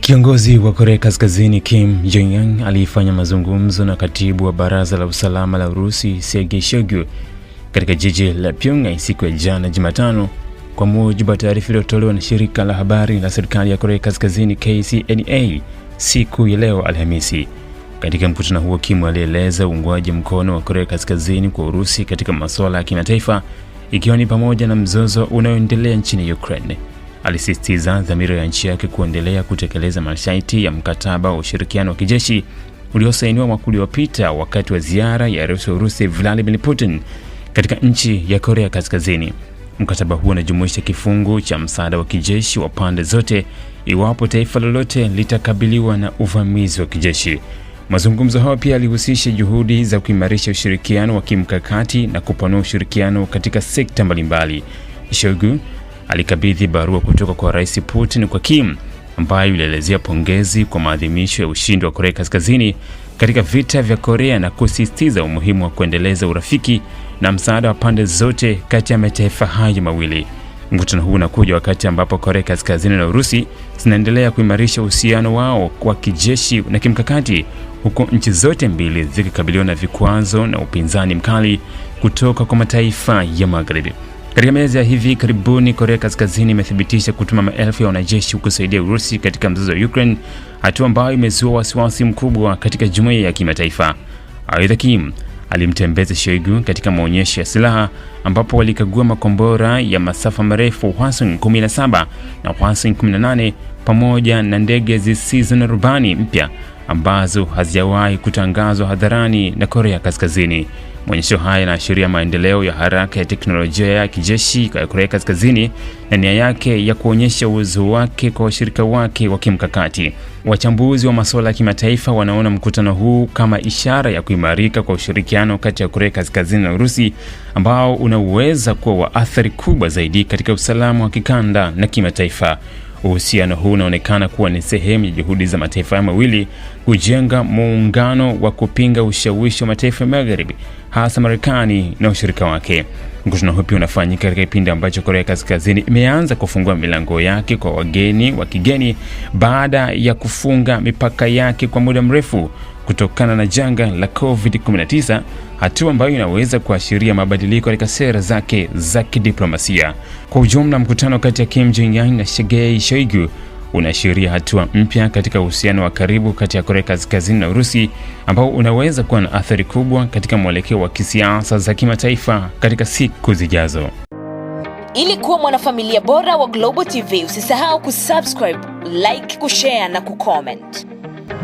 Kiongozi wa Korea Kaskazini Kim Jong Un alifanya mazungumzo na katibu wa Baraza la Usalama la Urusi Sergei Shoigu katika jiji la Pyongyang siku ya jana Jumatano, kwa mujibu wa taarifa iliyotolewa na shirika la habari la serikali ya Korea Kaskazini KCNA siku ya leo Alhamisi. Katika mkutano huo, Kim alieleza uungwaji mkono wa Korea Kaskazini kwa Urusi katika masuala ya kimataifa, ikiwa ni pamoja na mzozo unaoendelea nchini Ukraine alisisitiza dhamira ya nchi yake kuendelea kutekeleza masharti ya mkataba wa ushirikiano wa kijeshi uliosainiwa mwaka uliopita wakati wa ziara ya Rais wa Urusi Vladimir Putin katika nchi ya Korea Kaskazini. Mkataba huo unajumuisha kifungu cha msaada wa kijeshi wa pande zote iwapo taifa lolote litakabiliwa na uvamizi wa kijeshi. Mazungumzo hayo pia yalihusisha juhudi za kuimarisha ushirikiano wa kimkakati na kupanua ushirikiano katika sekta mbalimbali. Shoigu alikabidhi barua kutoka kwa Rais Putin kwa Kim ambayo ilielezea pongezi kwa maadhimisho ya ushindi wa Korea Kaskazini katika vita vya Korea na kusisitiza umuhimu wa kuendeleza urafiki na msaada wa pande zote kati ya mataifa hayo mawili. Mkutano huu unakuja wakati ambapo Korea Kaskazini na Urusi zinaendelea kuimarisha uhusiano wao wa kijeshi na kimkakati, huku nchi zote mbili zikikabiliwa na vikwazo na upinzani mkali kutoka kwa mataifa ya Magharibi. Katika miezi ya hivi karibuni, Korea Kaskazini imethibitisha kutuma maelfu ya wanajeshi kusaidia Urusi katika mzozo wa Ukraine, hatua ambayo imezua wasiwasi mkubwa katika jumuiya ya kimataifa. Aidha, Kim alimtembeza Shoigu katika maonyesho ya silaha ambapo walikagua makombora ya masafa marefu Hwasung 17 na Hwasung 18 pamoja na ndege zisizo na rubani mpya ambazo hazijawahi kutangazwa hadharani na Korea Kaskazini. Maonyesho haya yanaashiria maendeleo ya haraka ya teknolojia ya kijeshi ya Korea Kaskazini na nia yake ya kuonyesha uwezo wake kwa washirika wake wa kimkakati. Wachambuzi wa masuala ya kimataifa wanaona mkutano huu kama ishara ya kuimarika kwa ushirikiano kati ya Korea Kaskazini na Urusi ambao unaweza kuwa wa athari kubwa zaidi katika usalama wa kikanda na kimataifa. Uhusiano huu unaonekana kuwa ni sehemu ya juhudi za mataifa mawili kujenga muungano wa kupinga ushawishi wa mataifa ya Magharibi, hasa Marekani na ushirika wake. Mkutano huu pia unafanyika katika kipindi ambacho Korea Kaskazini imeanza kufungua milango yake kwa wageni wa kigeni baada ya kufunga mipaka yake kwa muda mrefu, kutokana na janga la COVID-19, hatua ambayo inaweza kuashiria mabadiliko katika sera zake za kidiplomasia. Kwa ujumla, mkutano kati ya Kim Jong Un na Sergei Shoigu unaashiria hatua mpya katika uhusiano wa karibu kati ya Korea Kaskazini na Urusi ambao unaweza kuwa na athari kubwa katika mwelekeo wa kisiasa za kimataifa katika siku zijazo. Ili kuwa mwanafamilia bora wa Global TV, usisahau kusubscribe, like, kushare na kucomment.